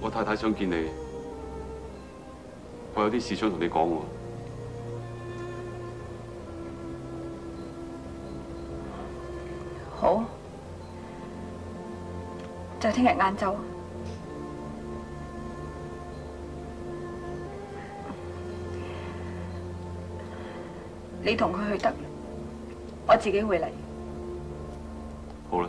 我太太想見你，我有啲事想同你講喎。好，就聽日晏晝，你同佢去得喇，我自己會嚟。好啦。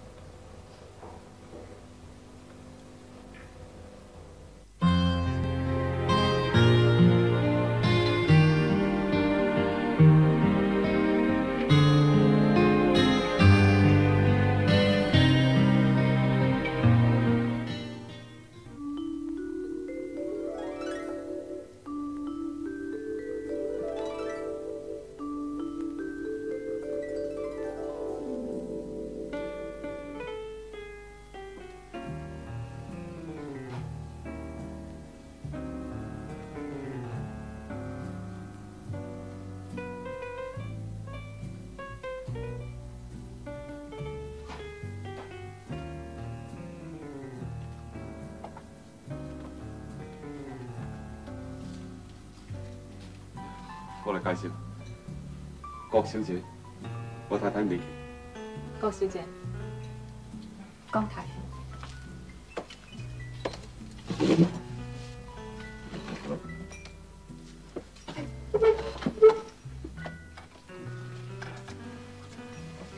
我嚟介紹，郭小姐，我太太李。郭小姐，江太太。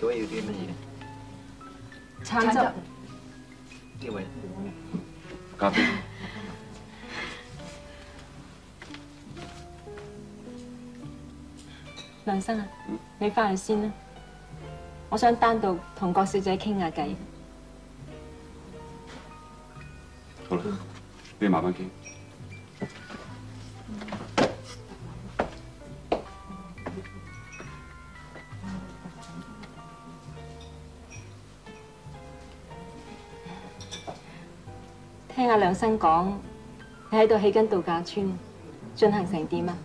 各位要啲乜嘢？餐酒。點位。咖啡。梁生啊，你翻去先啦，我想單獨同郭小姐傾下偈。好啦，你慢慢傾。聽阿梁生講，你喺度起緊度假村進行成點啊？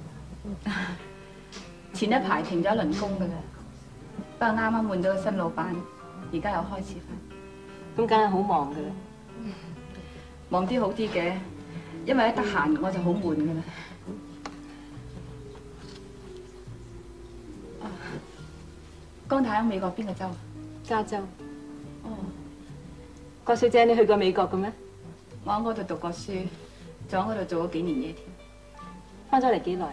前一排停咗一輪工噶啦，不過啱啱換咗個新老闆，而家又開始返，咁梗係好忙噶啦，忙啲好啲嘅，因為咧得閒我就好悶噶啦。啊，江太喺美國邊個州？加州。郭小姐你去過美國嘅咩？我喺嗰度讀過書，仲喺嗰度做咗幾年嘢添。返咗嚟幾耐？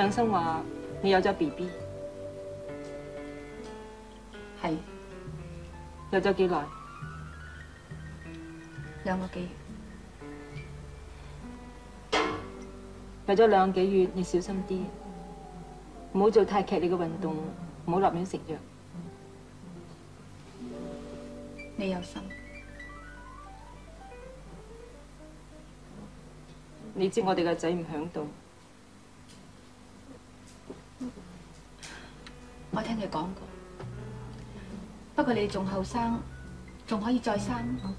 兩嬸話你有咗 B B，係有咗幾耐？兩個幾月，有咗兩幾月，你小心啲，唔好做太劇烈嘅運動，唔好立亂食藥。你有心，你知我哋個仔唔響度。佢講過，不過你仲後生，仲可以再生。嗯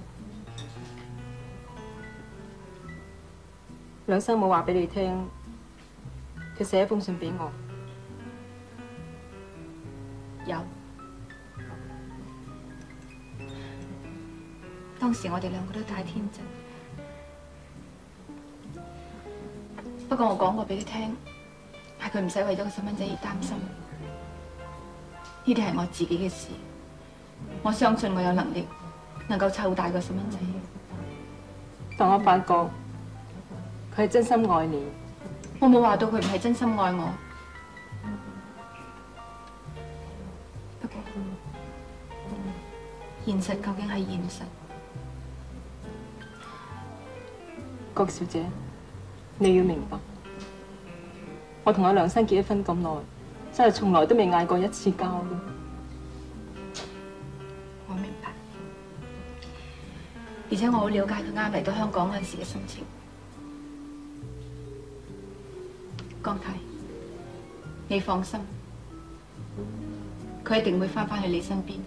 嗯、兩生冇話俾你聽，佢寫一封信俾我，有。當時我哋兩個都太天真，不過我講過俾佢聽，係佢唔使為咗個細蚊仔而擔心。呢啲係我自己嘅事，我相信我有能力能夠湊大個細蚊仔，但我發覺佢係真心愛你，我冇話到佢唔係真心愛我，不過現實究竟係現實，郭小姐，你要明白，我同阿梁生結咗婚咁耐。真係從來都未嗌過一次交，我明白。而且我好了解佢啱嚟到香港嗰陣時嘅心情，江太，你放心，佢一定會返返去你身邊。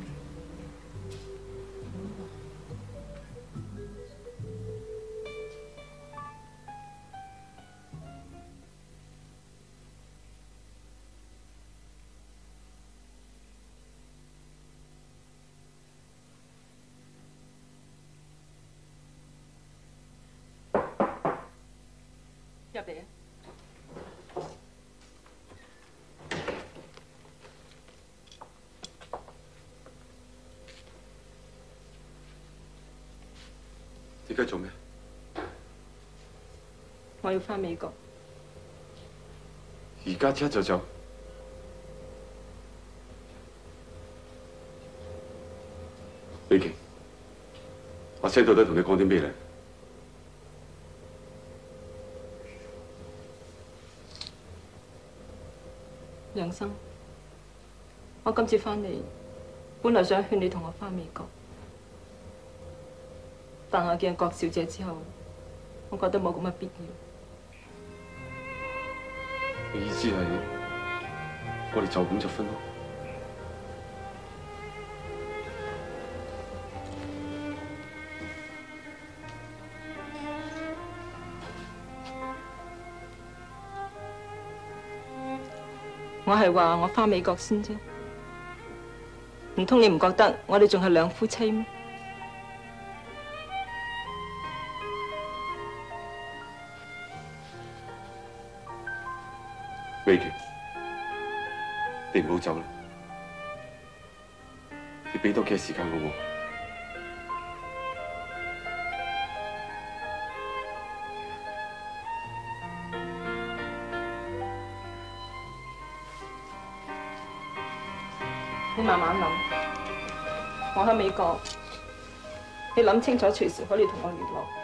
做咩？我要翻美國。而家即刻就走，美琪，我 send 到底同你講啲咩咧？梁生，我今次翻嚟，本來想勸你同我翻美國。但係見了郭小姐之後，我覺得冇咁嘅必要。你意思係我哋就咁就分咯？我係話我翻美國先啫。唔通你唔覺得我哋仲係兩夫妻咩？瑞琪，你唔好走啦！你俾多幾日時間我喎，你慢慢諗。我喺美國，你諗清楚，隨時可以同我聯絡。